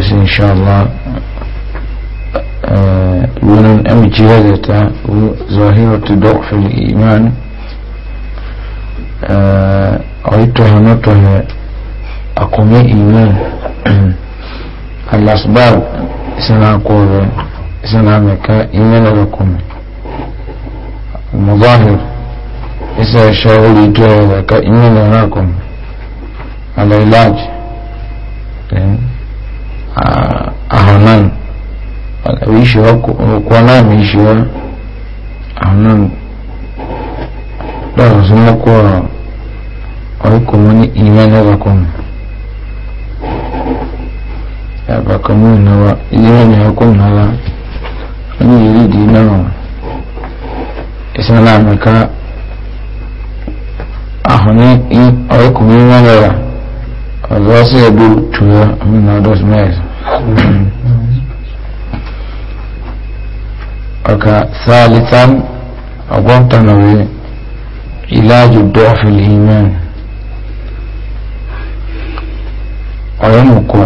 dersi inşallah e, bunun en cihazete bu zahiratı du'fil iman e, ayıttıha iman al-asbab sana kore sana meka iman alakume muzahir isa şahul ka iman alakume al ahanan ahonan wishi wa kwana mai shi wa ahonan lọ́wọ́ sún mọ́kọ́ ọ̀rọ̀kọ̀ mọ́ ní ìmẹ́lẹ́bàkọ́ mi yàbàkọ́ mọ́ ìnáwà ìyẹ́rẹ́ ọkọ̀ náà wọ́n yìí rí ìdí náà ìsinmi àmìká ahùn ní ọ̀rọ̀kọ̀ mọ́ ìmẹ́lẹ́bà ọ̀rọ̀ sí ẹgbẹ́ tùwẹ́ ọmọ náà dọ́sí mẹ́rin ọkà sálítán ọgbọ́ntànàwé ìlàjò dọ́fìlì iman ọ̀yọ́nùkọ́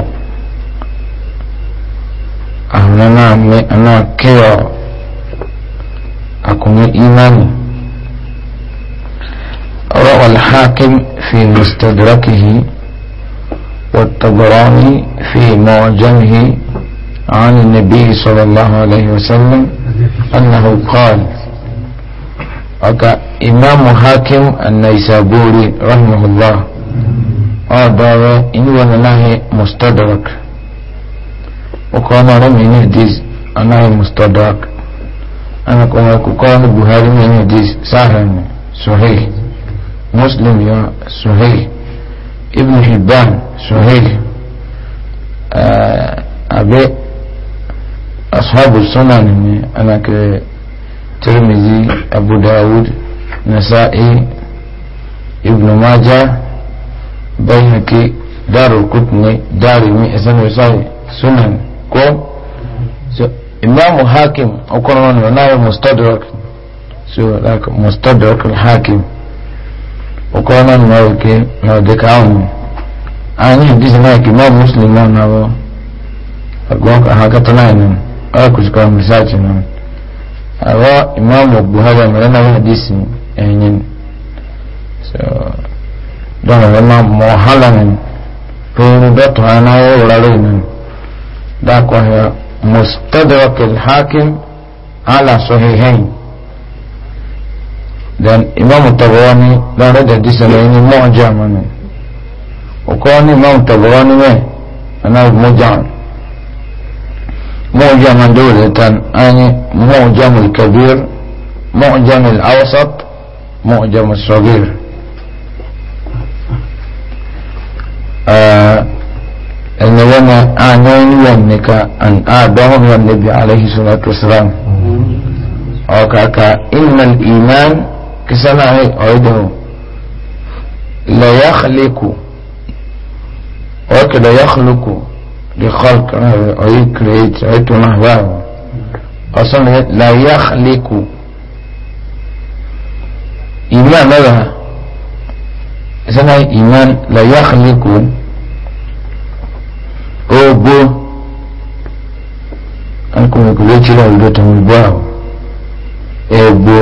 àwọn náà kíọ̀ akùnrin iman ọ̀rọ̀ alhakim fi mustadrakihi والطبراني في معجمه عن النبي صلى الله عليه وسلم أنه قال أكا إمام حاكم النيسابوري رحمه الله أبارا إن ونلاه مستدرك وقام رمي نهديز أنه مستدرك أنا كما قال البخاري من حديث سهل صحيح مسلم يا صحيح ibn hibban suhail abe eh, ashabu sunan ne ana kira tirmizi abu dawud nasa'i ibn maja bayyaki darul kutni darimi isan wasai sunan ko so imamu hakim akwai wani wani mustadrak so like mustadrak hakim وقالنا نوكي نودك عون أنا بيز مايكي ما مسلم ما نبو أقولك أحاك تناين أكوز كام مساجنا أبا إمام أبو هذا ملنا حديثي أنين so don wa ma mo halan to da to ana o lalin da ko ya mustadrak al hakim ala sahihain dan imam tabarani la rada معجم mu'jamani وكان امام تبراني مه انا مجان معجم دولة اني معجم الكبير معجم الاوسط معجم الصغير ان لما اعنين يمنك ان اعبهم النبي عليه الصلاة والسلام وكاكا ان الايمان kìsánà ọ̀ẹ́dùn lọ́yàkìlẹ́kù ọ̀ẹ́kì lọ́yàkìlẹ́kù lè kọ́ọ̀kì ọ̀yí kìrẹ́ẹ̀tì ọ̀ẹ́tùn náà báwọn ọ̀sán lọ́yàkìlẹ́kù ìmọ̀ náà kìsánà ìmọ̀ lọ́yàkìlẹ́kù ogbó ọkùnrin kò lè jìlọ ìlú tó ń gbọ́ ẹgbó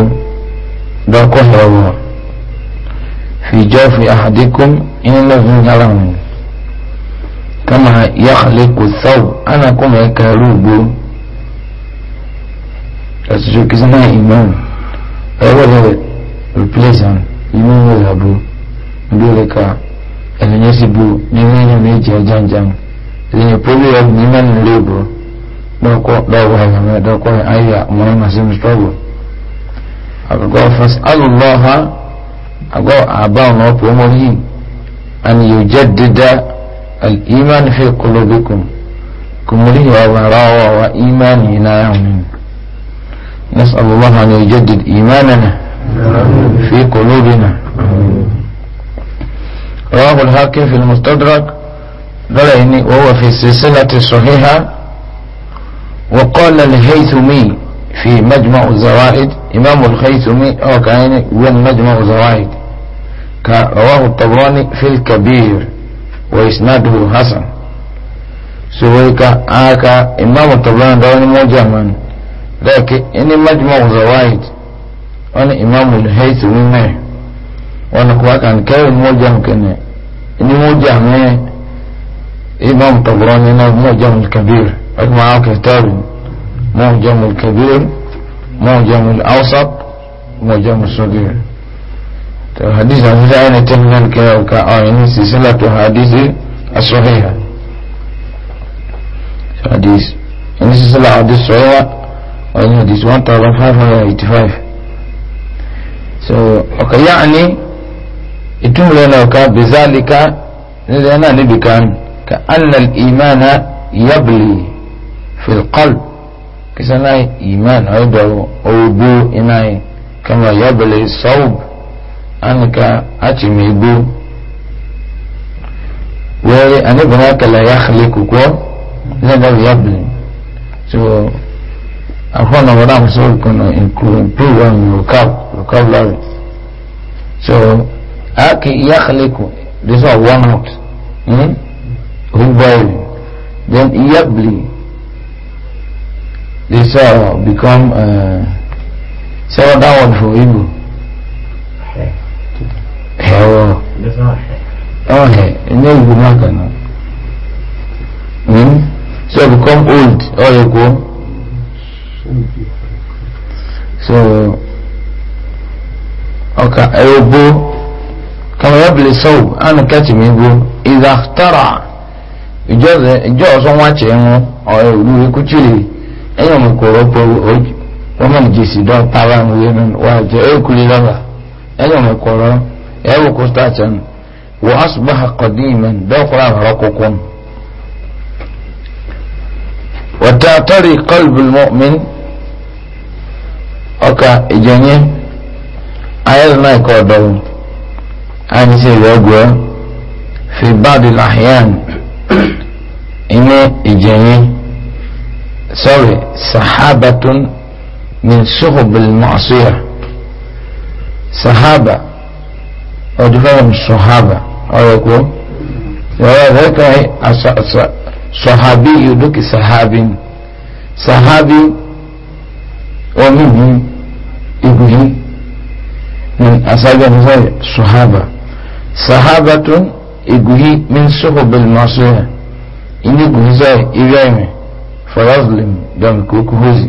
dɔkɔ hɛrɛbɔ fìjɔ fi ahadikum inna fi nyalamu kama yaxle ko saw ana kuma ya kaaru gbo ɛtutu kisi na imam ɛwɔ lɛ replace am imam wɔ yabo ebi wɔ ka ɛnìyɛ si bu ne mi ni mi jɛ janjan ɛnìyɛ poli yɛ ni ma lebo dɔkɔ dɔwɔ hɛrɛbɔ dɔkɔ ayɛ mɔnyɛ ma se struggle. أقول فاسأل الله أقول أعضاء وأمره أن يجدد الإيمان في قلوبكم كمره وراء وإيمان هنا نسأل الله أن يجدد إيماننا في قلوبنا رواه الحاكم في المستدرك قال وهو في السلسلة الصحيحة وقال الهيثمي في مجمع الزوائد إمام الخيثمي أو كأني وين مجمع الزوائد رواه الطبراني في الكبير وإسناده حسن سويك آكا إمام الطبراني دواني مجمع لكن إني مجمع الزوائد وأنا إمام الهيثمي ما وأنا كواك عن كيف المجمع كنا إني مجمع إمام الطبراني أنا نعم مجمع الكبير أجمع كتابي معجم الكبير معجم الأوسط معجم الصغير حديث أبو سعيد تمنى كأعين سلسلة حديث الصحيحة حديث إن يعني سلسلة حديث صحيحة وإن حديث 1585 so okay يعني itum lana ka bizalika lana nibika ka anna al-imana yabli fi al-qalb isanai iman ọdọrọ ogbo inai kama yabele saub anika achimigbo were anibana kala ya halikuko zanar yabele so afọ na wadda musu kono improve on vocabulary so aki ya haliku this one one out hmm? who boil then yabele they sell become uh, sell that one for Igbo. Ẹ̀wọ̀ ọ̀hẹ̀ ní Igbo maka na. So become old Oh, you go. So okay, I go. ọkà ẹ̀wọ̀ gbó kàmá yẹ bìlẹ̀ sọ̀wọ̀ ànà kẹ́tì mi gbó ìdàkítàrà ìjọ́ ọ̀sán wá chẹ̀ ń wọ́n ọ̀yẹ̀ òru ikú chìlè. ẹ̀yìn ọmọkùnrin ọ̀pọ̀ wọ́n mọ̀ jèsì dọ́ para mu yẹn nù wà kuli ẹ̀kúrẹ́ lọ́la ẹ̀yìn ọmọkùnrin ẹ̀wọ̀ kó stàtẹ̀ nù wọ́n asùnbà kọ̀dí ìmẹ̀ dọ́kùnrin àwọn ọkọ̀kọ̀ nù. qalb si سوري صحابة من صحب المعصية صحابة أو تفهم الصحابة أو يكون ذلك صحابي يدك صحابي صحابي ومنهم ابني من أصابع مصابع صحابة صحابة ابني من صحب المعصية إني قلت إذا fọlọ́sìlìm dọ̀mí kókó hósì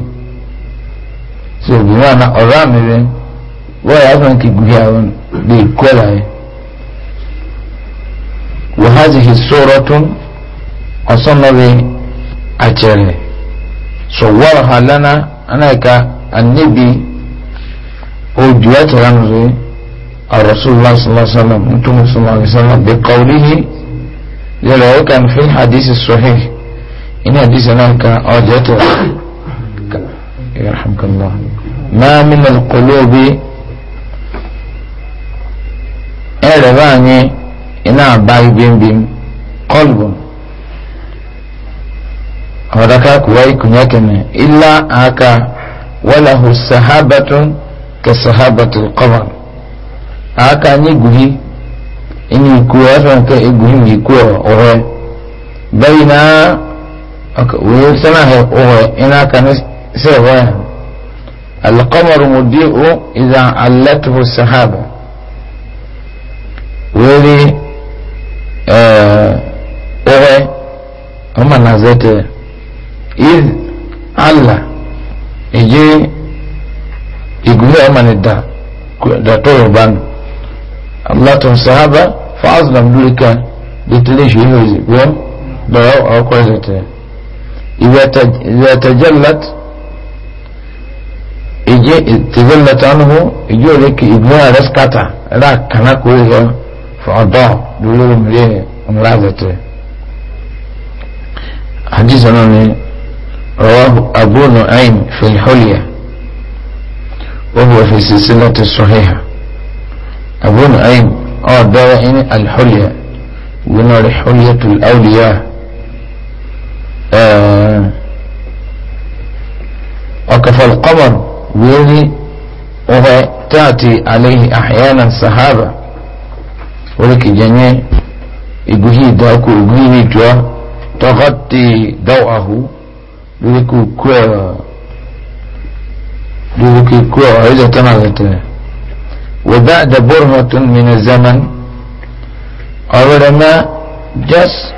so obìnrin àná ọ̀rọ̀ àmì rẹ wọ́ọ̀yà fún kìgbìyà wọn lè kọ́ ẹ̀ láyé wàhálì ìṣòro tún ọ̀sánmọ́bí àjẹrẹ̀ sọ̀wọ́rọ̀ hàlánà anáìka àníbi ojú ẹ̀tẹ̀rẹ̀ àmì الرسول الله صلى الله عليه وسلم انتم صلى الله عليه وسلم بقوله لرواك في الحديث الصحيح إن حديث هناك أوجته يرحمك الله ما من القلوب أرباني إنا باي بيم بيم قلب هذاك كواي كنيكن إلا هكا وله السحابة كسحابة القمر هكا نيجوهي إني كوافن كإجوهي كوا أوه بينا wee sema he uwe ina kan se القمر مضيء إذا علته السحابة ويلي أه أوه هما نازلت إذ على يجي يقول أمان الدا دا طوبان الله السحابة فأظلم ذلك لتليش يلوزي بيوم دا أو كويسة إذا تجلت إجي تجلت عنه لك إبنها رسكتا لا كان كويس فعضاء مليه ليه حديث أنا رواه أبو نعيم في الحلية وهو في سلسلة الصحيحة أبو نعيم أو آه، دوائن الحلية ونور حلية الأولياء آه، القمر ويلي وهو تأتي عليه أحيانا سحابة ولك جنيه إبهي داكو إبهي جوا تغطي ضوءه ليكو كوا ليكو كوا إذا تمغت وبعد برهة من الزمن أولما ما جس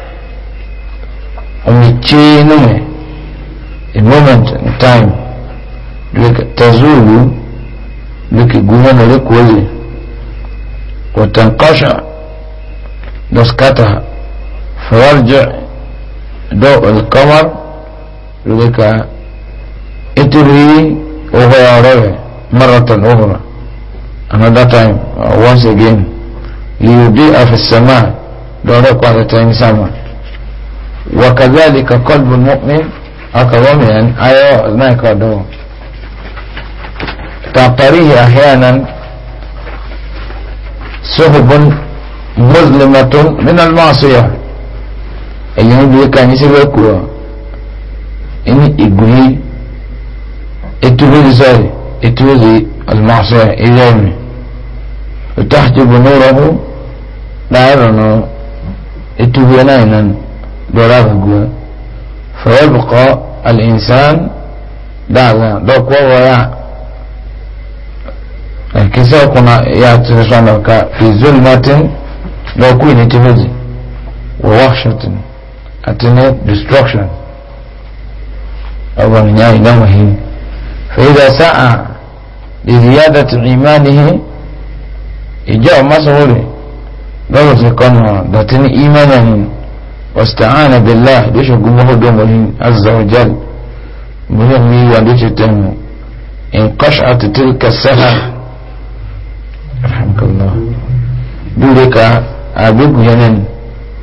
umichino eh? a moment in time تزول like tazulu likigumana likuwezi دسكتها daskataha fayarji doo alqamar اتري itiri uhoyarowe maratan أخرى another time uh, once again liyudia fi lsama doore kwata time sama وكذلك قلب المؤمن أكرمي أن أيوة أذنك دو تعتريه أحيانا سحب مظلمة من المعصية èyàn bí ká ní síbẹ̀ kú ọ ẹni ìgbìyí ètùbẹ̀rẹ̀ sọ̀rọ̀ ètùbẹ̀rẹ̀ ọ̀lùmọ̀ọ́sọ̀ ilé mi òtún àti ìbò ní ọ̀rọ̀ ọ̀hún láàárọ̀ náà ètùbẹ̀rẹ̀ náà náà doragugu فيبقى الإنسان دعوة دوك ويا الكسا كنا يعترشانك في ظلمة لو كوين تفزي ووحشة أتنى destruction أو من يعي نومه فإذا سعى لزيادة إيمانه إجاء مسؤولي لو سيكون تني إيمانه واستعان بالله ليش قمه دومه عز وجل مهمي وليش تم انقشعت تلك السنة رحمك الله دولك أبيك ينن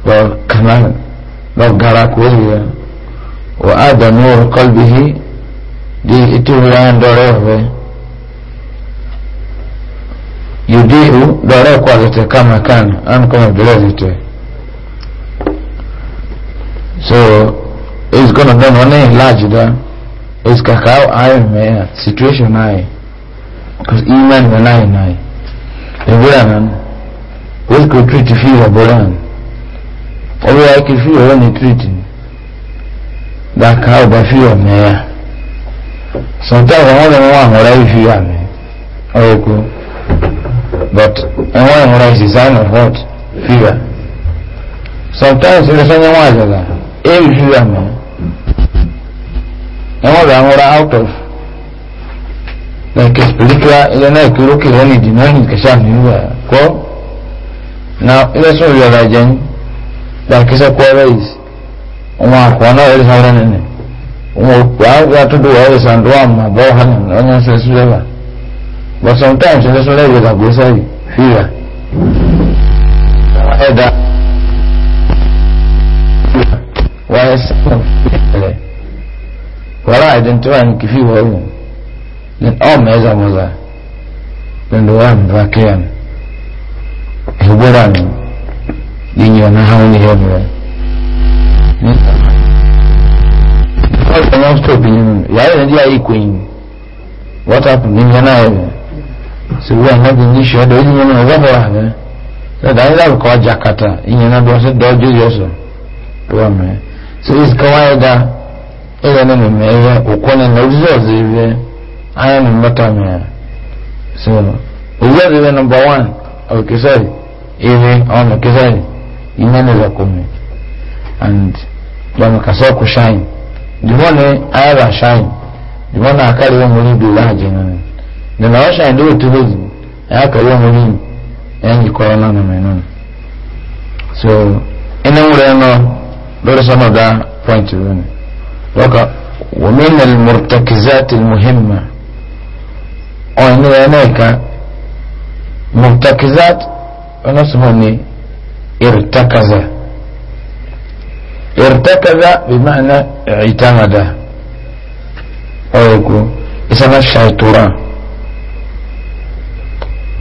وكمان لو قراك وزيا وآدى نور قلبه دي اتوهان دوريه يديه دوريه كما كان أنكم بلازته so it's gonna be one large da it's kakao ayo me situation I, because iman wa nai nai e bora nan wọ́n could treat fi wà bora nan ọwọ́ ya kì fi wà wọ́n ni treat ni dakao ba fi wà mẹ́ya sometimes àwọn ọmọ wọn àwọn ọ̀rẹ́ fi wà mẹ́ ọ̀rẹ́ but ẹ̀wọ̀n ẹ̀wọ̀n is a sign of what fever sometimes ẹ̀rẹ́ sọ́nyẹ́ wọn àjọ̀dá ewu ju àmọ ẹwọn rà wọn ra out of like spiritual ilẹ̀ náà ìkúrò kí wọ́n lè dìnnà ní kẹsà níwà kọ́ na ilẹ̀ sùn ìyọ̀ rà jẹun gbàkísẹ́ kọ́ ẹ̀rẹ́ yìí wọn àkọ́ náà ẹ̀rẹ́ sáré nínú wọn àwọn àtúndò wà ẹ̀rẹ́ sàn tó wà mà bọ́ hàn ní ọ̀nyẹ́ sọ ẹ̀sùn lẹ́wà but sometimes ẹ̀rẹ́ sọ lẹ́wà ìgbàgbé sẹ́yìn fíra ẹ̀dá. ya sẹ́yìn fìlẹ̀ wọ́n àìdẹ́ntọ́ àwọn kìfì wọ́ọ̀rù ní ọmọ ẹ̀zá mọ́zá lẹ́nu wà ní bákẹ́yà ní ìgbọ́ra ní yíyan náà hàn ní ẹ̀mí rẹ̀ ní ọ̀sẹ̀ náà stop yìí yàrá ìdí ayé kò yìí wọ́tàpù ní yẹn náà ẹ̀mí sèwúrọ̀ náà bí ní ìṣẹ́dọ̀ ó ní yẹn náà ọ̀gbọ́n wà mẹ́ sẹ́dá ayé láwùkọ́ ọjà kàtà ìyẹn náà bí wọ́n sì dọ́jú yẹ sọ tó wà mẹ́. so is kawaida ile ni mmewe ukona na uzozi hivi haya ni mbatanya so uzozi hivi number one au kisari hivi au na kisari imani za kumi and wamekasao kushine ndivone ayala shine ndivone akali wa mulibi ulaje nani ninawasha ndio tulizi akali wa mulibi yani korona na menoni so ina mureno دول سما ده بوينت لوكا ومن المرتكزات المهمة او انيكا هناك مرتكزات ونسموني ارتكز ارتكز بمعنى اعتمد ويكون اسمها الشيطورة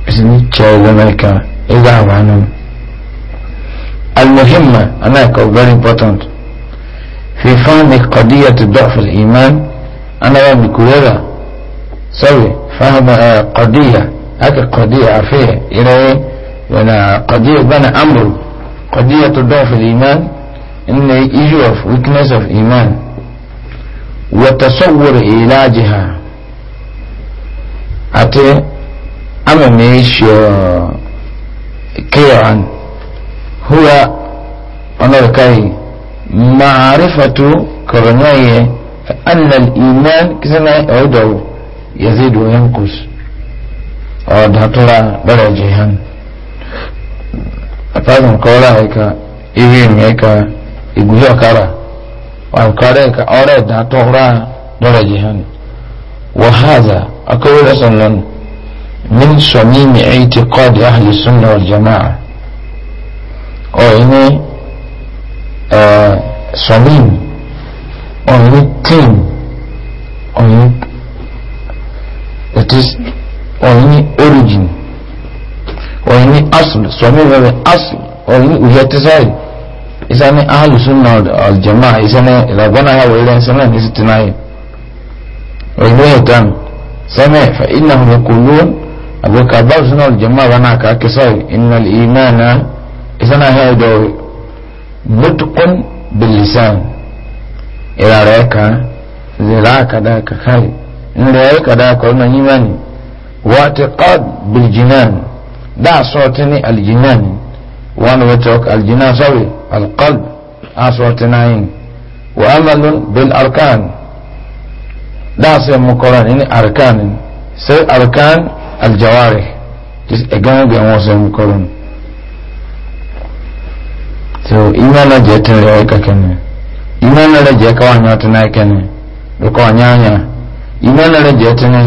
اسمه الشيطورة إذا عنهم المهمة هناك very important في فهم قضية ضعف الإيمان أنا بكلها سوي فهم آه، قضية هذه قضية عفية إلى وأنا إيه؟ قضية بنا أمر قضية ضعف الإيمان إن issue of weakness of إيمان وتصور علاجها أتي أمامي آه، شو كيران هو أنركي معرفة كرنية أن الإيمان كسنا يعوده يزيد وينقص أو ترى درجة أفهم قولا هيك إيمان هيك إقويا كارا وأنكارا هيك أورا بلا درجة وهذا أقول أصلا من صميم اعتقاد أهل السنة والجماعة ọ̀yìn sọ̀mìn ọ̀yìn tíìm ọ̀yìn ọ̀yìn origin ọ̀yìn asul sọ̀mìn rẹ̀ asul ọ̀yìn uhetisai isani ahalusun na aljama isani ilagwana ya wẹ̀rẹ̀ isani agisi tinayi ọ̀yìn ẹ̀tàn sẹ́mẹ̀ fa inna hùwẹ̀ kùlùún àgbẹ̀kà bá sunu aljama wọn àkàkẹ́sọ̀ ìnnà ìmẹ́ẹ̀nà ìsànà ahẹ́ ọ̀dọ̀ lótùkún bilisan ìlà rẹ̀ ká zìlá kàdá kàkáì nrẹ̀ ẹ̀ kàdá kọ́nà yíwáni wàtíkọ́d biljinan dáa sọ́ọ̀tì ní aljinan wọn wọ́n tọ́k aljinan sọ́wì alkọ́d asọ́ọ̀tì náà yìí wàhámalun bil arkan dáa sẹ́ mu kọ́ra ní arkan sẹ́ arkan aljawari ẹ̀gán gbẹ̀wọ̀n sẹ́ mu kọ́ra ní so imana je tere ka kene imana le je ka wanya tena e kene do ko nyanya imana le je tene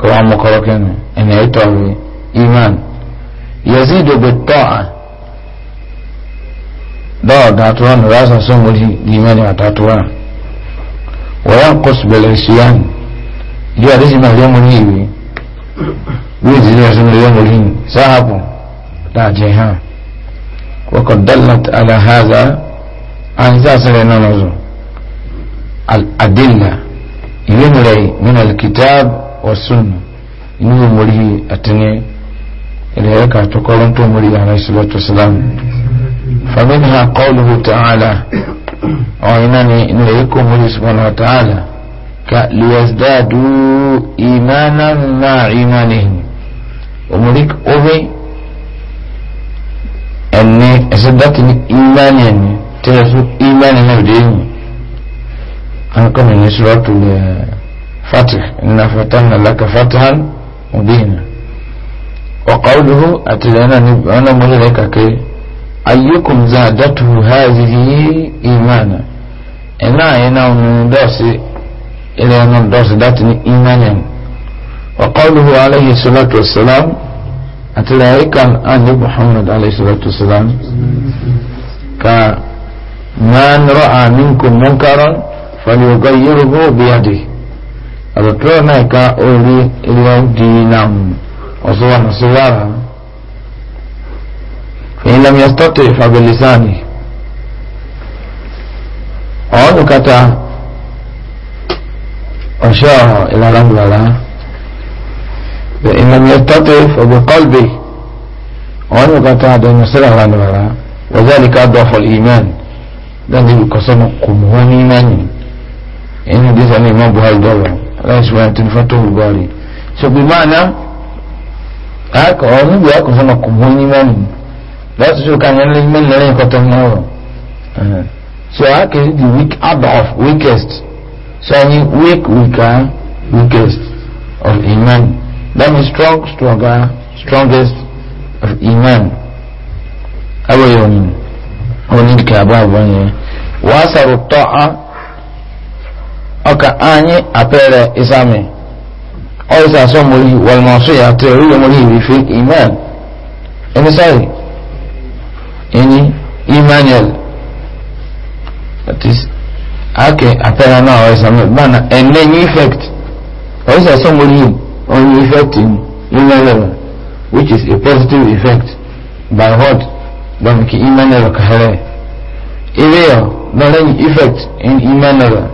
ko amo ko kene ene ito e wi iman yazidu bi ta'a do da to an rasa so muri imani atatuwa wa yanqus bil isyan yo adisi ma yo muri wi wi dinu so muri yo muri sahabu da je ha وقد دلت على هذا أنزاز لنمز الأدلة يملي من الكتاب والسنة إنه مريه أتني إلى يكا تقولون تمري عليه الصلاة والسلام فمنها قوله تعالى وإنني إليكم مريه سبحانه وتعالى ليزدادوا إيمانا مع إيمانهم ومريك أوبي ẹni ẹsẹ dati eh, ni imani ẹni tẹlẹ so imani náà de ẹni ankọmi ni sọrọtù ẹ fatih nna fatahna laka fatahan mubina ọkọọdúhó àtìlẹ náà ni ọ̀nà mọ́lẹ̀ kàkẹ́ ayékùn zá dátù hàzìhì imana ẹ̀nà àyẹ̀ náà ọ̀nà dọ́ọ̀sì ilẹ̀ ọ̀nà dọ́ọ̀sì dátì ni imani ẹni ọkọọdúhó aláyé sọlọ́tù ọ̀sálàmù àti làyíká àní muhammad alayhisalatu salam ka man ra'a minkum munkaran falyughayyirhu bi yadihi àtọ̀tọ̀ náà ká orí ilẹ̀ di náà ọ̀sọ́ wà ní síwára in lam yastati fa bi lisani ọ̀nù kata ọ̀ṣọ́ ìlànà ìlànà فإن لم يستطع فبقلبه وأنا كنت هذا المسألة على نورا وذلك أضعف الإيمان لأن يقسم قموان إيمان إن حديث عن الإمام بهاي دولة لا يسوى أن تنفته الباري فبمعنى أك أرنب يقسم قموان إيمان لا تشعر كان يلي إيمان لن يقتل نورا so أك the weak أضعف weakest so I mean weak weaker weakest of إيمان that strong stronger strongest iman abayo ni oni ka ba ba ni wa saru ta'a aka anyi apere isame o isa so mo yi wal masiya te ri mo yi bi fi iman eni sai eni imanuel that is ake apere na o isame bana ene ni effect o isa so mo yi On effect in iman level which is a positive effect by what don ki iman level kahare ile yo don any effect in iman level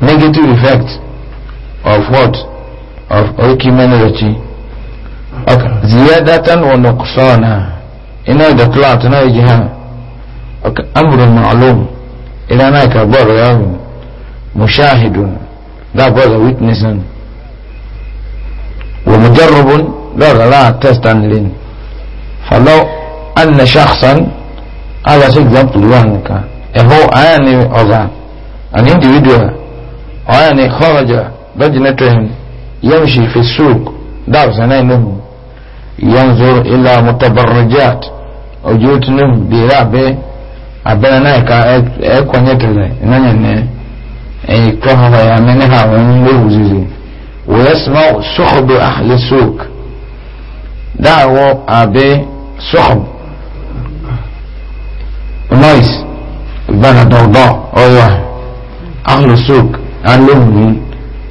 negative effect of what of oriki iman level chi okay ziyadatan wa nuqsana ina da kula tana yi jiha okay amrun ma'lum ila na ka gboro yawo mushahidun that was a ومجرب لا لا تيست لين فلو أن شخصا على هذا example وانك هو آني أذا an individual أني خرج لجنتهم يمشي في السوق دار زنينهم ينظر إلى متبرجات وجوتهم برابه abẹ́rẹ́ náà ẹ̀ka ẹ̀kọ́ nyẹ́tẹ̀lẹ̀ náà yẹn ní ẹ̀yìn kọ́ ọ̀hún ويسمع سحب أهل السوق دعوة أبي سحب نايس بنا ضوضاء أيوة أهل السوق اللهم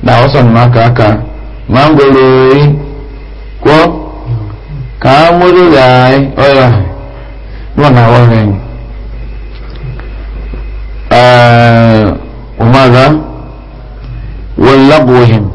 دعوة سنما كاكا مانغولي كو كامولي لاي أيوة وانا وانا آه وماذا ولغوهم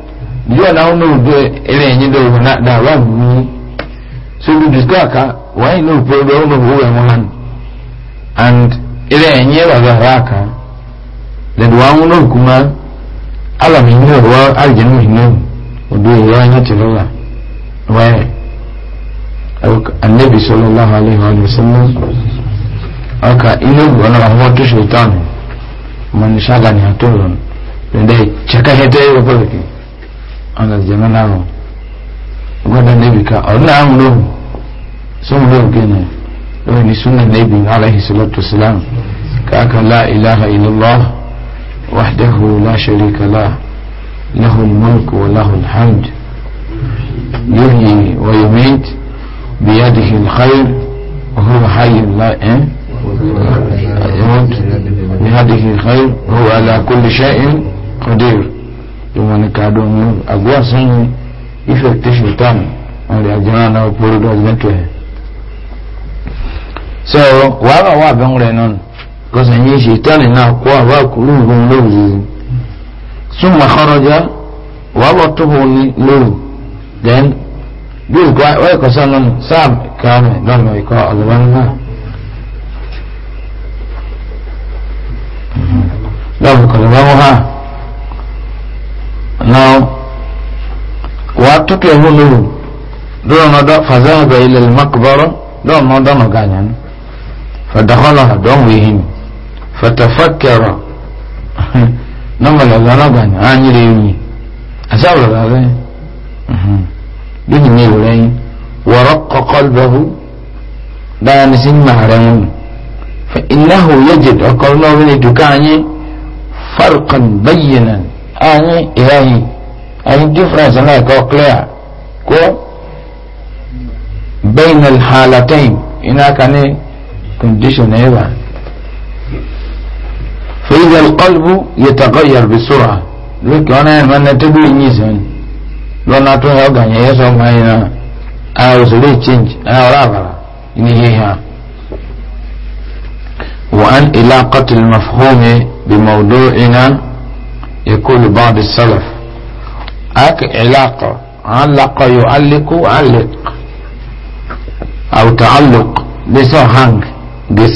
Ndiyo naona ujue ile yenye ndio na dawabu. So we discuss why no problem of who am one. And ile yenye wa haraka. Then wa uno kuma ala minyo wa aljanu minyo. Ujue ya nyati lola. Wa النبي صلى الله عليه وآله وسلم aka inugu ona wahuwa tu shaitani manishaga ni hatulun nende chaka hete yopo lakini ọ̀nà ìjẹ̀mọ́ náà ọgọ́dà níbi ká ọ̀rọ̀ náà mú lóhùn sọ́mu lóhùn kéne lóhùn ní súnà níbi aláhi sọ́lọ́tò sílám káàkà láìláha ìlọ́lọ́ wàhdáhù láṣẹ̀ríkàlá láhùn mọ́lùkù wàláhùn hàmd yóhì wàyọ̀mẹ́t bíyàdìhì lxayr وهو حي لا يموت بهذه الخير هو على كل شيء قدير ìwọ̀n kàdùn ní àgbọ́ àsányi ìfẹ́ tẹ́sí tán ọ̀rẹ́ àjọyọ̀ náà pọ̀lú dọ́sẹ̀ tó ẹ̀. so wàhálà wà bẹ́ẹ̀ rẹ̀ náà kọ́sẹ̀ yín ṣe tánì náà kó àbá kúrú ìgbóhùn lóòrùn súnmọ́ àkọ́rọ́jà wàá bọ̀ tó hùn ní lóòrùn then bí ìkọ́ ẹ̀kọ́ sáà náà sáà kàámẹ̀ lọ́nà ìkọ́ ọ̀lọ́wọ́ náà. lọ́bùkọ̀ lọ́wọ́ ha now watuke hulu dono da fazahaba ila almaqbara dono da no ganyan fadakhalaha don wihin fatafakkara nama la gana ganya anyi reuni asabra da re bin ne reuni wa raqqa qalbahu da ni sin mahran fa innahu yajid aqalna wa dukanyi farqan bayyinan anyị ilahi anyị difference na ka clear ko bain al halatain ina ka ne condition eba fa idha al qalb yataghayyar bi sur'a lókè wọn náà máa tẹ́bù yìí sẹ́yìn lọ́nà tó yọ ọ̀gá yẹn sọ ọmọ yẹn náà ara ò change ara ọ̀rọ̀ àbàrà ní híhá. wọ́n á ilá kọ́tìlì mọ̀fọ́mì bí mọ̀ọ́dọ́ iná يقول بعض السلف أك علاقة علق يعلق علق أو تعلق ليس هانج جس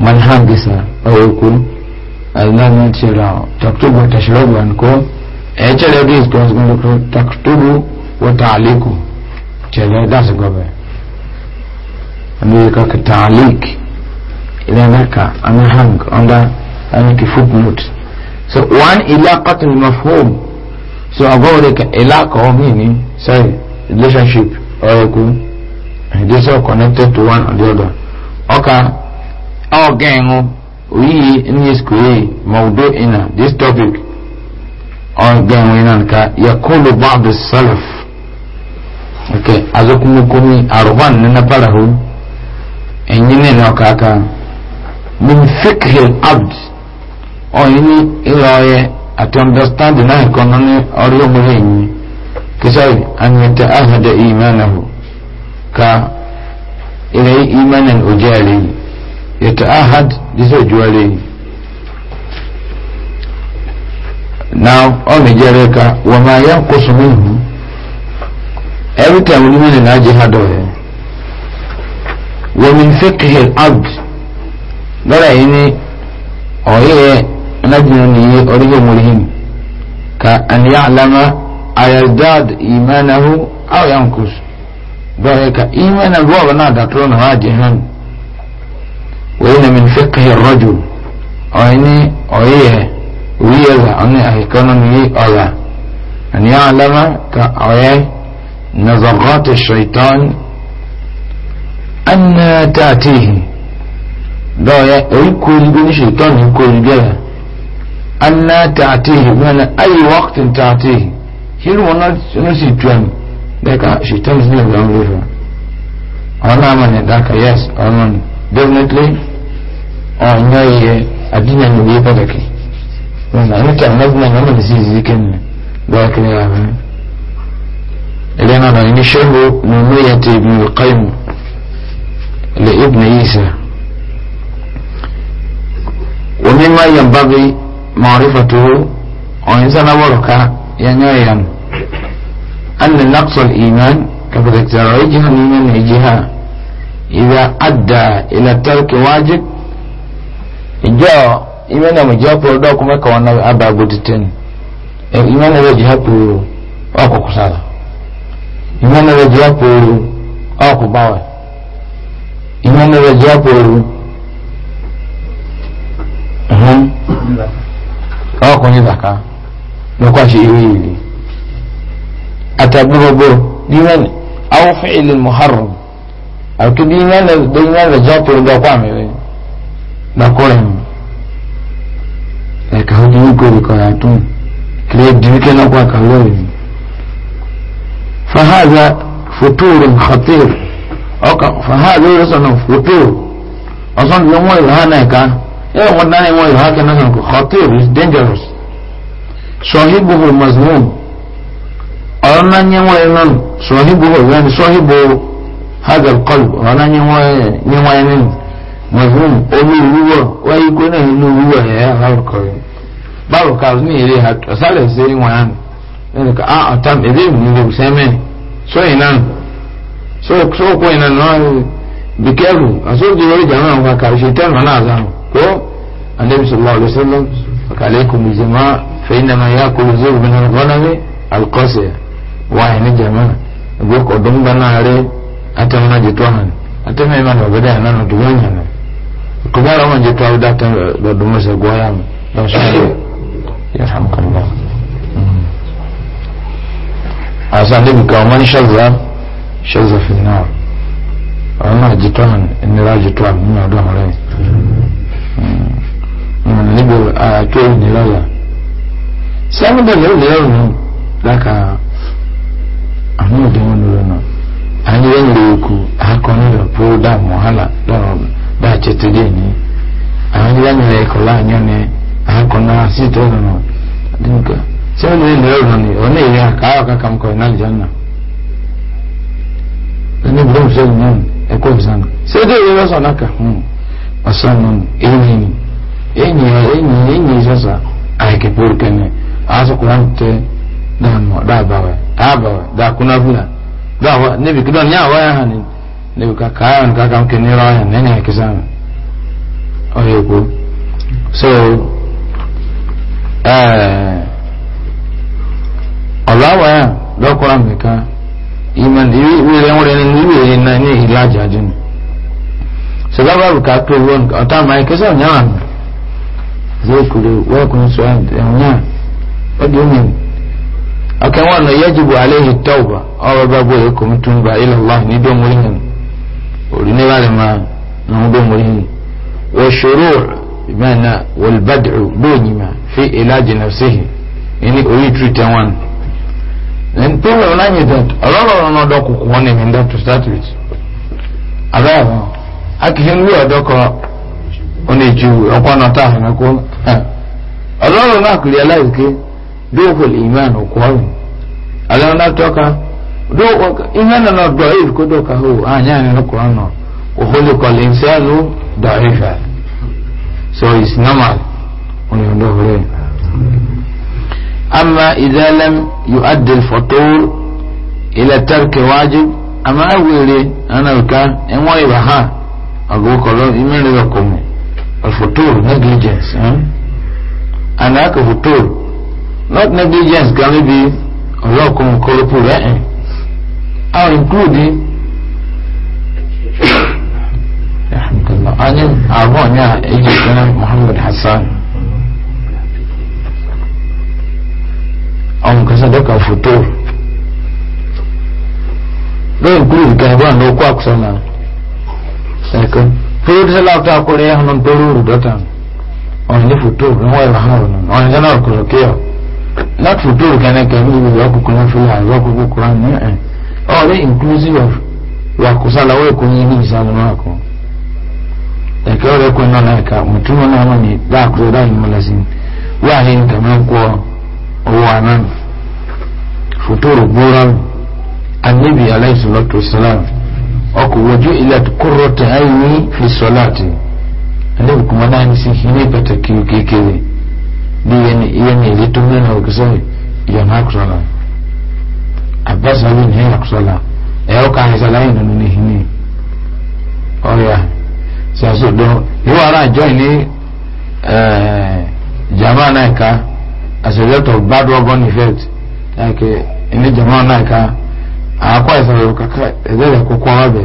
من هانج جسا أو يقول المهم تشرا تكتب وتشرب وانكم أجل أبيز تكتب وتعلق تشرا داس قبل أمريكا كتعليق إذا نكا أنا هانج عند أنا كفوت نوت so one ilaqatul mafhum so about the ilaqa of meaning sorry relationship or eku they are connected to one or the other okay our gang we in this way mawdu ina this topic our gang we nan ka yaqulu ba'd as-salaf okay azukum kumi arwan na parahu enyine na kaka abd ọ̀yìn ní ìlọ ọyẹ àti ọ̀ndọ́stáǹdì náà kan ní ọlọ́mọdé yìí kìsàrí àyẹ̀tẹ̀ àhàdẹ̀ ìmánahu ka ilẹ̀ ìmánan òjẹ́ àlẹ́ yìí yẹ̀tẹ̀ àhàd dísẹ̀ òjú àlẹ́ yìí now ọ̀nà ìjẹ́rẹ́ ka wọ́n máa yá kó every time ní mẹ́rin náà jẹ́ àdọ̀ rẹ̀ wọ́n mi abd lọ́rọ̀ yìí ní نجني أريد مرهم كأن يعلم أيزداد إيمانه أو ينقص بأيك إيمانا بوغنا دكتورون هاجها وإن من فقه الرجل أيني أيه ويزا أني أهيكونمي أولا أن يعلم كأيه نظرات الشيطان أن تأتيه لا يأكل بني شيطان يأكل بيها أن تعتيه من أي وقت تعتيه هل وانا نسي توام لك she tells me about river أنا من ذاك yes أنا من definitely أنا يه أدينا نبيه بدك وانا أنا كان نبنا نعمل نسي زيكن ذاك يا من اللي أنا يعني شبه نمية ابن القيم لابن عيسى ومما ينبغي معرفته وإنسان أبرك ينايا أن نقص الإيمان كفتك ترعيجها الإيمان إجها إذا أدى إلى ترك واجب جاء إيمان مجاب ردوك مكا وانا أبا قدتين إيمان رجها بورو أكو كسالة إيمان رجها بورو أكو باوي إيمان رجها بورو أهم káwọn kan ní zaka lọ́kọ́ àṣẹ ìwé ìlú àtàgbọ́gbọ́ díwẹ́lì àwọn fún ilé muharram àti díwẹ́lì díwẹ́lì jọ́pọ̀ lọ́kọ́ àmì rẹ̀ lọ́kọ́ rẹ̀ mu ẹ̀ka ó dín kórè kọ̀ọ̀rọ̀ àtún kìlẹ̀ dìríkẹ́ lọ́kọ́ àkàlọ́ rẹ̀ fahadà fòtòrò xatèrò ọkà fahadà ó sọ̀nà fòtòrò ọ̀sán ló ń wọ̀ ìlànà ẹ̀ka. ايه قلنا انا يقول هذا مثلا خطير is dangerous صاحبه مظلوم أنا نيوي من صاحبه يعني صاحبه هذا القلب أنا نيوي نيوي من مظلوم أولي هو ويكون هلو هو na هالكوي báwo ká ní ilé كو النبي صلى الله عليه وسلم عليكم بالجماع فإنما يأكل الذئب من الغنم القاسية وعين الجماعة يقولك أدوم بنا عليه أتمنى جتوهن أتمنى من وبدأ أنا نتوهن كبار ما جتوه بدأ أدوم سيقويام لو شاء يرحمك الله أصلا لبك ومن شذ شذ في النار أما جتوهن إن لا جتوهن من أدوم عليه níbo àtó ní lọ́la sẹ́mídẹ̀ ló lè rùn láka àwọn òde wọn ló lọ́nà ayé ń lo ikú akọni lọ pé ó dààmú wàhálà lọ́rọ̀ bá a tètè dé ní àwọn ilé ẹni láàyàn ni akọni àṣìtò lọ́nà àdínkà sẹ́mídẹ̀ ló lè rùn ní ọ̀nà ìyá káwọ́ kankan kọ́ iná ìjà náà ẹni bọ́ọ̀sẹ̀ ní ẹ̀kọ́ ìsànà ṣé dé enyi enyi enyi a akipuri kene aso kuna mte damo dabawe dabawe da kuna vula ndị nebi kidon ya waya nebi ka ya kisama oyeku so eh ọlọ́wọ́ ẹ̀ lọ́kọ́ra mẹ́ka ìmọ̀ ìwé rẹ̀ wọ́n rẹ̀ ní ìwé rẹ̀ náà ní ìlàjà jẹ́ ni ṣe bá zikuru wakun su'ad nya adimin akan wannan alaihi tauba babu ila allah ni ori ne na do murin wa shuru' bimana wal bad'u dunima fi ilaj nafsihi ini ori treat one then don to start with ọlọ́run náà kìlì aláìsíké dóòfò ìmánu kọ́ọ̀rù ọlọ́run náà tọ́ka ìmánu náà dọ̀ èyí kó dọ̀ka hó àyàn ní ọkùnrin náà òhun lè kọ́ lè ṣe àlù dọ̀ so it's normal òní ọ̀dọ̀ rẹ̀. أما إذا لم يؤدي الفطور إلى ترك واجب أما أولي أنا وكا إما يبقى أقول كلام إما يبقى الفطور negligence أه؟ and lack of toll not negligence can we be ọlọ́ọ̀kùn kọlọ́pù rẹ̀ ẹ̀ our include anyin àwọn a èyí ìpínlẹ̀ muhammad hassan àwọn kan sọ́dọ̀kà fòtó lóyìn include gẹ̀ẹ́gbọ́n ní okú àkùsọ́nà ẹ̀kọ́ fúrúdísẹ́lá ọ̀tọ́ akọrin ẹ̀hún tó rúrù dọ́tà ọ̀nà fòtó níwọ̀n ẹ̀rọ ahọ́rọ̀ nù ọ̀nà ìjọba ọ̀kọ̀rọ̀ kéọ̀ láti fòtó kẹ́nẹ́kẹ́ ní ibi ìwà kúkúrú ní fúlà ìwà kúkúrú kúrá ní ẹ̀ ọ̀rẹ́ inclusive of wà kó sálàwọ́ èkó ní ibi ìsàlù náà kọ́ ẹ̀kẹ́ ọ̀rẹ́ kọ́ náà náà ẹ̀ka mùtúmọ̀ náà wọ́n ní dáàkúrò dáàyè mọ́lẹ́sìn wíwá ní ìtàmẹ́ kọ́ owó àná fòtó gbóra anábì aláìsàn lọ́tọ̀ sálàm ọkọ̀ wọ́jú ilẹ̀ kúrọ̀tà ẹ̀yìn fi sọ́láàtì ale kuma na ni sin hine bata kiyo kekere ni yene yene le mena o kese ya na kusala abasa ni ne ya kusala e o ka ni sala ina ni hine o ya sa so do yo ara join ni eh jamaa na ka as a result of bad organ effect like ni jamaa na ka akwa isa ka ka ezele kokwa be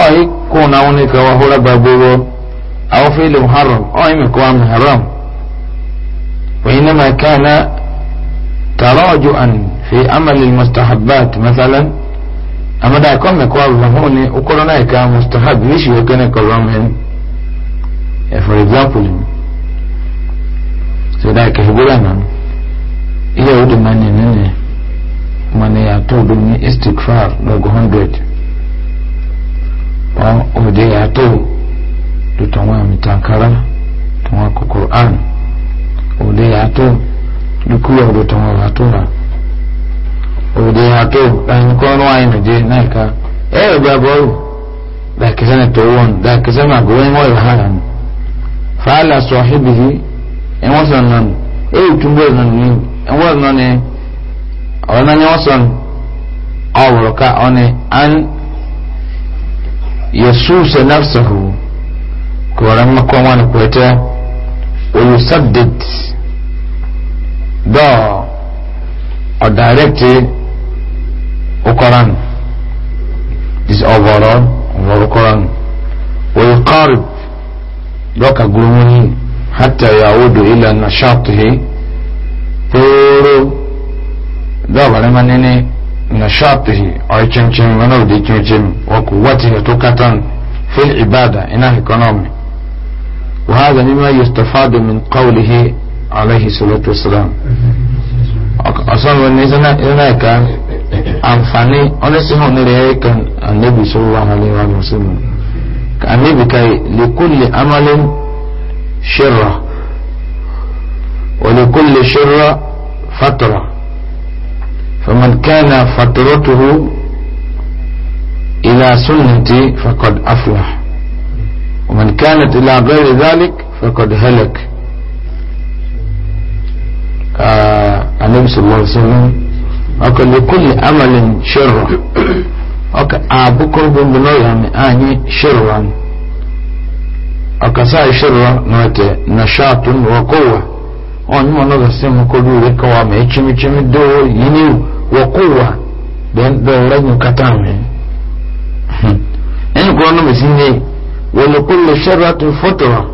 ọ̀yí kún àwọn nìkan wà húra bá gbogbo àwọn fílì muharram ọ̀yí mi kún àmì haram وإنما كان تراجعا في عمل المستحبات مثلا أما دا كم يقول فهوني وكلنا يكا مستحب ليش يكن يقولون هن for example so da ka hibu lana iya wudu mani nene mani ya to dumi istikfar daga 100 òde yàtọ̀ ló tọ̀wọ́n àmì tàǹkárá tọ̀wọ́n kòkòrò àrùn òde yàtọ̀ lukúyà òde tọ̀wọ́n wàtúrà òde yàtọ̀ ẹni kọ́ ọ́nà wáyé nìjẹ́ náà ká ẹ̀ ẹ̀ gba bọ́ọ̀lù dàkísẹ́ ní tó wọ́n dàkísẹ́ máa gbọ́ ẹ̀wọ̀n ìwà hàrà fàálà sọ ahébìyí ẹ̀wọ̀n sọ nà ní tún bẹ́ẹ̀ nà ọ̀nà ni sọ يسوس نفسه كورما كومان كويتا ويسدد دا or directed Quran is overall overall Quran ويقارب لوكا قلومه حتى يعود إلى نشاطه فورو دا غرمان نيني نشاطه أي تشمشم منو دي تشمشم وقوته تكتن في العبادة إنه كنومي وهذا مما يستفاد من قوله عليه الصلاة والسلام أصلا ونزنا إلناك أنفاني هون رأيك النبي صلى الله عليه وسلم النبي كي لكل عمل شرة ولكل شرة فترة فمن كان فترته إلى سنتي فقد أفلح ومن كانت إلى غير ذلك فقد هلك آه، النبي صلى الله عليه وسلم أقول لكل عمل شر أك أبكر بن بنويهم أني شرا أكسا شر نوت نشاط وقوة أن ما نرسم كل لك وما يشمي يشمي دو ينيو wakowa don ranyar kata mai yan kuwa na mutum ne wani kullum sharratun fotowa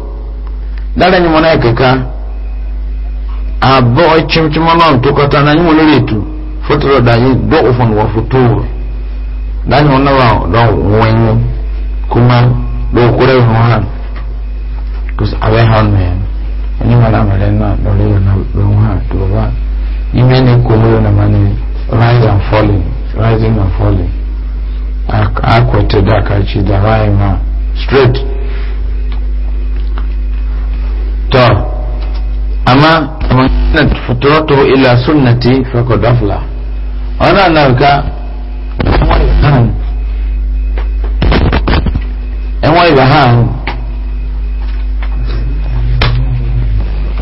dara ni mona ikaka abo chimchim mona tukota na nyimo letu fotowa da yi do ofon wa fotowa dani mona wa don wenyo kuma do kure ho ha kus awe ha me ni mona malen na do le na do ha to ba ni me ne ko na mani rise and falling rising and falling a kwete da rai ma straight to amma man fitratu ila sunnati faqad afla ana na ka ẹwọn ibà ha Ana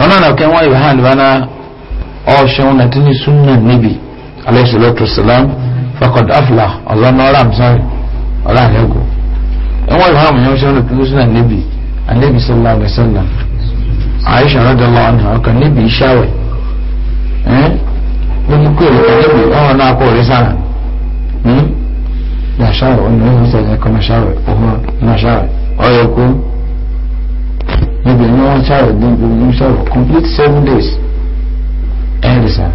ọ̀nà na ọ̀kẹ́ ẹwọn ibà ha nìbá na ọ̀ṣẹ́ na tí sunna níbi alayhi salatu wasalam fakad afla ọlọ́nà ọ̀rọ̀ àmsáre ọ̀rọ̀ àyẹ̀gò ẹ̀wọ̀n ìwà àwọn èèyàn sọ̀rọ̀ kí ló sọ̀rọ̀ níbi anabi sallallahu alayhi wa sallam aisha radallahu anha ọkàn níbi ìṣàwẹ̀ ẹ̀ ló mú kúrò níbi ọ̀rọ̀ náà kọ̀ rẹ̀ sára yà ṣàwẹ̀ ọ̀nà ìwọ̀n sọ̀rọ̀ ẹ̀kọ́ náà ṣàwẹ̀ ọ̀hún náà ṣàwẹ̀ ọ̀yọ̀ kú níbi ìwọ̀n ṣàwẹ̀ níbi ìwọ̀n ṣàwẹ̀ complete seven days ẹ̀rì sára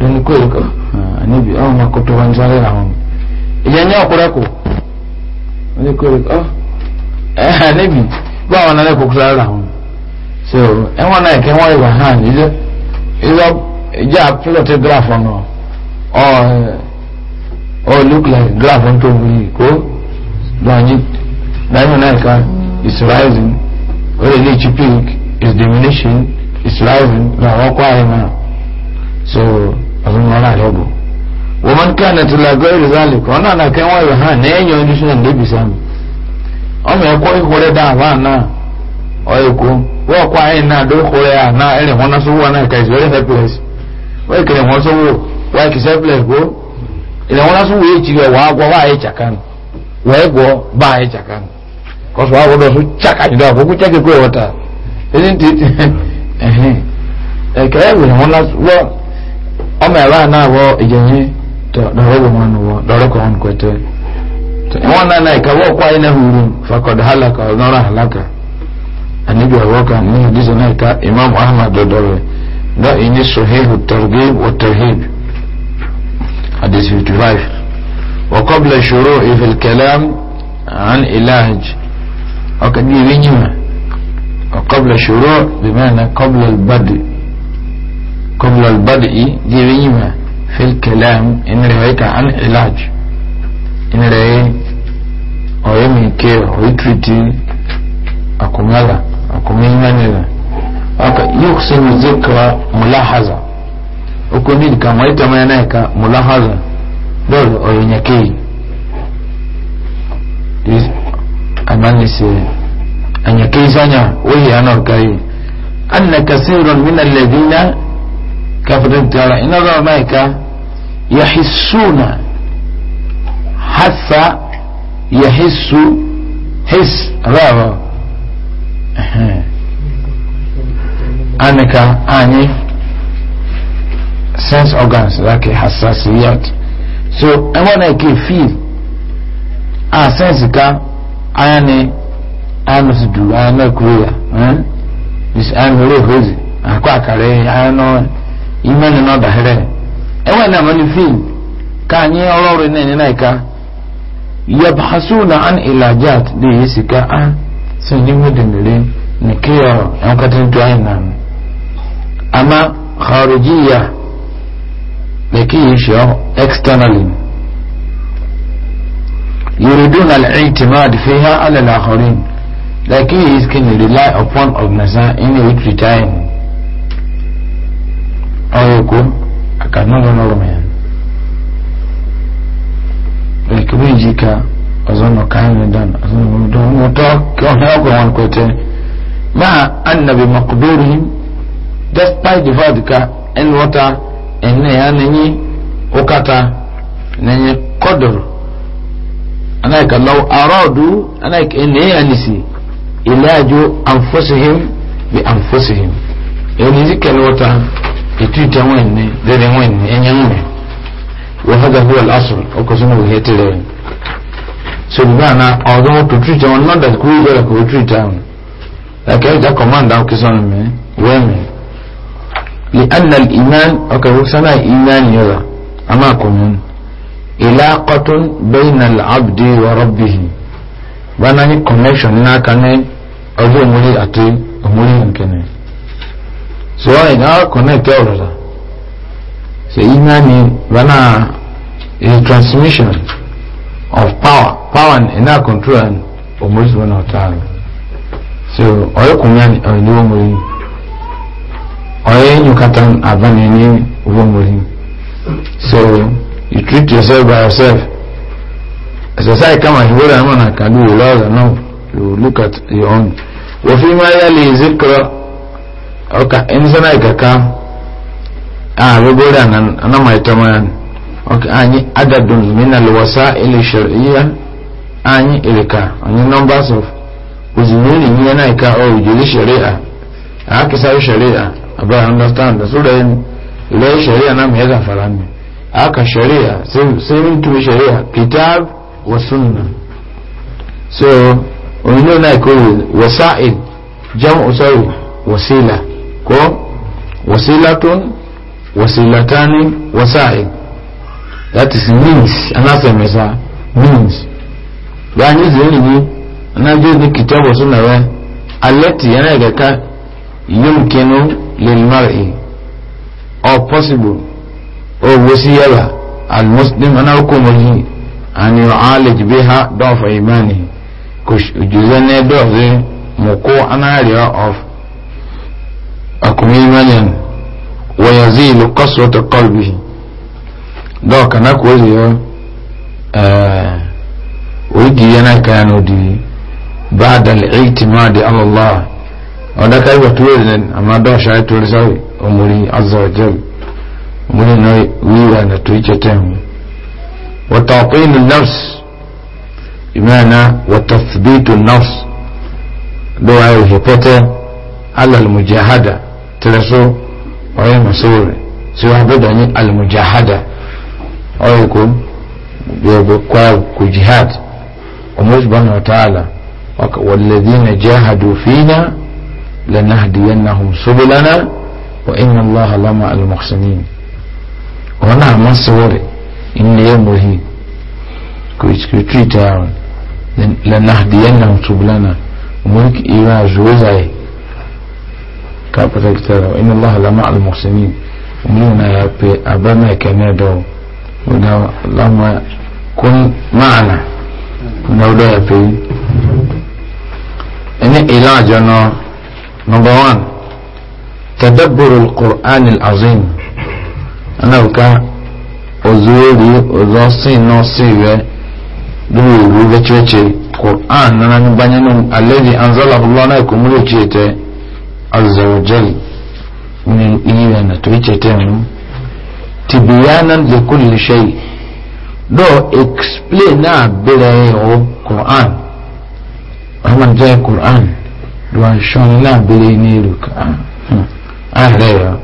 lónìí kó èkó níbi ọ̀hún akoto wa ń sáré àwọn ìyẹn ní ọ̀kúrẹ́ kò lónìí kó èkó ẹ̀ níbi bá àwọn náà kó sáré àwọn so ẹ̀wọ̀n náà kẹ́ wọ́n ìwà hàn ìjọ ìjọ ìjọ àpúlọ̀tì graph ọ̀nà ọ̀ ọ̀ look like graph ọ̀n tó wù yìí kó lọ́nyí lẹ́yìn náà ká is rising ó lè lè chi is diminishing is rising làwọn kọ́ àyè náà so. ọ̀sán na náà lọ́gbọ̀ wọ́n na ń ká nàtìlá gọ́ọ̀rì na kan náà nà kẹ́wọ́n ẹ̀rọ hàn ní ẹ̀yàn ojú sínú ẹ̀dẹ́bì sámi ọmọ ẹ̀kọ́ ìkórè dá àbá náà ọ̀ẹ́kọ́ wọ́n ọ̀kọ́ ayé ana dó ìkórè àná ẹ̀rìn wọn kere sówó náà kà ìsìlẹ̀ helpless wọ́n ìkèrè wọn sówó wọ́n ìkì helpless gbó ìrìn wọn náà sówó èjì rẹ̀ wọ́n ọmọ ẹ̀rọ anáwọ̀ ìjẹ̀yìn dọ̀rọ̀bù wọn wọ dọ̀rọ̀kọ̀ wọn kọ̀tẹ́ wọn nana ìkàwọ́ kọ́ ayé náà hùrù fakọ̀dà halaka ọ̀dọ́rọ̀ halaka anibi ọ̀wọ́ka ní ìdíje náà ìka imam ahmad dọ̀dọ̀rẹ̀ dọ̀ ìní sọ̀híhù tọ̀rọ̀gì wọ̀tọ̀híb hadith fifty five wọ́kọ́bìlẹ̀ ṣòro ìfẹ̀lkẹ́lẹ́m àn ìlàj ọ̀kadì ṣòro bìmẹ́rin kọ́bìlẹ̀ bàdì قبل البدء جريمة في الكلام إن رويت عن علاج إن رأي أيمك ويتريتي أكملا أكملا أك يقسم الذكر ملاحظة أكوني كما يتمنى ملاحظة دول أيمك analysis anyake وهي أنا anorkai anna kasirun من الذين kafirin tara ina zama maika ya hissuna hassa ya hissu his rawa anika anyi sense organs like hassasiyat so ẹwọn náà kì í feel a sense ka aya ni aya náà ti dùn aya náà kúrò yà ẹ ẹ ní orí ìhòòzì àkọ àkàrẹ aya náà imani na dahere ewe na mani fi ka anyi ọrọ rẹ na ni naika yabhasuna an ilajat de yesi ka a ah, sun ni mu dinire ni ke yo en ka tin na ama kharijiya ne ki yisho externally يريدون الاعتماد فيها على الآخرين لكن he is can rely upon organization in which retirement ọ̀rọ̀kọ́ àkànnà lọ́rọ̀ mẹ́rin lẹ́kẹ́ bí ìjìká ọ̀zọ́nà káyìn dán ọ̀zọ́nà mọ̀tọ́ mọ̀tọ́ kí ọ̀nà ọ̀gbọ̀n wọn kọ̀tẹ́ máa annabi makudori despite the fact ka ẹni wọ́ta ẹni ẹ̀yà nẹ́yìn ọkàtà nẹ́yìn kọ́dọ̀rọ̀ anáyíkà lọ́wọ́ àrọ́ọ̀dù anáyíkà ẹni ẹ̀yà nìsí ìlẹ́àjò ànfọ́sihim bí ànfọ́sihim ẹni ìzìkẹ́ ni wọ́ta يتيت وين ذي وين إن يومي وهذا هو الأصل أكسنه هي تلين سبحانا أعظم تتريت وين ما دك كوي بلك وتريت وين لكن إذا كمان دعوك سنة وين لأن الإيمان أكبر سنة إيمان يرى أما كنون علاقة بين العبد وربه وانا connection ناكني أبو مولي أتي أمولي يمكنني so wọ́n ìdá connect ọ̀rọ̀ sá ṣe iná ni rana is transmission of power power iná control and almost wọn ọ̀tá rẹ̀ so all you ọ̀rẹ́ ni wọ́n mọ̀ yìí ọ̀rẹ́ nyukata abani ni wọ́n mọ̀ yìí so you treat yourself by yourself exercise I ìwúrẹ́ àmọ́ nà kàdúrà lọ́ọ̀rẹ́ náà you look at your own wọ́n fi máa zikra. oka ensana ikaka a ah, bogora nan ana mai tamayan oka anyi adadun min alwasail shar'iyya anyi irka anyi numbers of uzinuri ni yana ika o oh, ujili sharia haki ah, sai sharia aba understand so da yin ile sharia na mai ga farami aka ah, sharia sai mun tumi sharia kitab wa sunna so onyo na ko wasail jam'u sai wasila ko wasilatun wasilatani wasa'i that is means anasemesa means yanyi zeni ni anaje ni kitabu suna we alati yana ga ka yumkinu lil mar'i or possible or wasiyala al muslim ana hukumu hii an yu'alij biha da'fa imani kush ujuzane da'fi muku anariya of akumi imanyan wa yazilu qasrata qalbihi do kana ko yo eh o di yana kana di ba'da al-i'timadi ala Allah ona kai ba tuwe ne amma do shay to sai umuri azza wa jal muni no wiwa na tuiche temu wa taqin an-nafs imana wa tathbit nafs do ayo hipote ala al-mujahada تلسو وين مسؤول سوى بدني المجاهدة أيكم بيبقوا كجهاد ومش بنا تعالى والذين جاهدوا فينا لنهدينهم سبلنا وإن الله لما المحسنين وانا ما سوري إن يمره كويس كويس تريد لنهدينهم سبلنا وملك إيوان وزعي كابتا كتابه إن الله لمع المحسنين لينا يا ربي أبانا كنادو لما كن معنا نودا يا ربي إن علاجنا نمبر 1 تدبر القرآن العظيم أنا وكا أزوري أزوصي نوصي دو ويبتشي قرآن أنا نبني الذي أنزله الله عليكم ولو عز وجل من إيوانا تويتشتنو تبيانا لكل شيء دو explain بلايو قرآن أما جاي قرآن دوان شون لا بلايني القرآن أهليا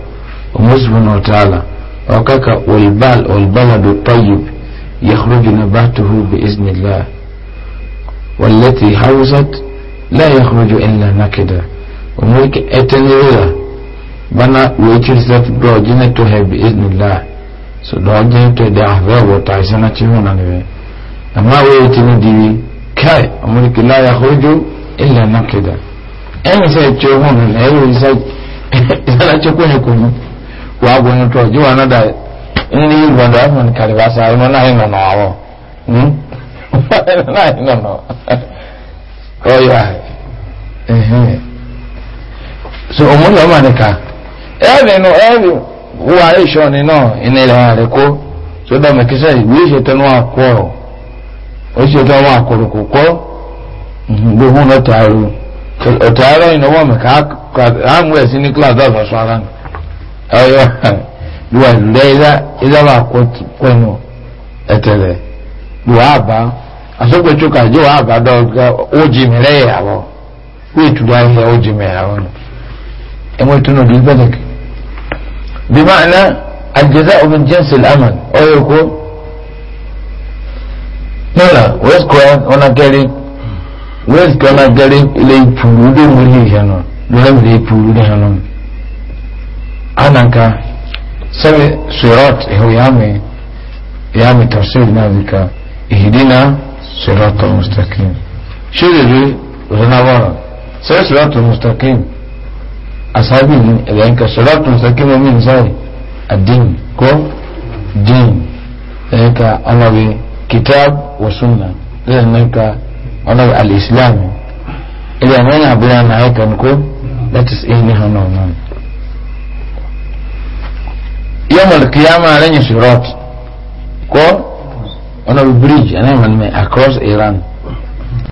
ومسبن وتعالى وكاكا والبال والبلد الطيب يخرج نباته بإذن الله والتي حوزت لا يخرج إلا نكده وملك اتنزيلا بنا ويتر سف دو جنة تهي بإذن الله سو دو جنة تهي دي أحباب وطعسنا تيمون عنه أما ويتر ديوي كاي وملك لا يخرج إلا نكدا أين سيتشوفون الهيو يسيت إذا تكون يكون وأبو نتوى جوانا دا إني يبون دا أفن كالباسا إما نحن نعوه نحن نعوه Oh yeah. Uh-huh. so òmùn lọ́mọ nìkan ẹ̀rì nù ẹ̀rì wà ìṣọ́ ni náà iná ilẹ̀ ààrẹ kó tó dọ̀mọ̀ kí sẹ́yìn bí ìṣe tẹnu àkọ́ ọ̀ ó ṣe tẹnu àkọ́rọ̀ kò kọ́ gbogbo àmú ẹ̀ sí ní ọ̀sán sọ ara nù ìwà kọ́nu ẹ̀tẹ̀lẹ̀ ìwà àbá ó jì mí lẹ́yìn wíìtù ó jì mí nù. emoytuno dilbedek بمعنى الجزاء من جنس الأمل ويقول لا ويذكر أنا قريب ويذكر أنا قريب إلي بولو مريه هنا لهم إلي بولو هنا أنا كا سوي صراط هو يامي يامي تفسير نابك اهدنا صراط المستقيم شو يجري وزنا ورا سوي صراط المستقيم asabi ni ẹ̀yàn ka ṣọ́rọ̀tún sẹ́kẹ́mọ́ mi nsáyẹ̀ àdín kó dín ẹ̀yàn ka ọmọbi kitab wa sunna lẹ́yìn náà ka ọmọbi al-islam ẹ̀yàn náà yà bóyá náà ẹ̀ka ni kó that is ẹ̀yìn hàn náà náà. yọmọ kìyàmà lẹ́yìn ṣọ́rọ̀t kó ọmọbi bridge ẹ̀yàn náà mọ̀ ní across iran.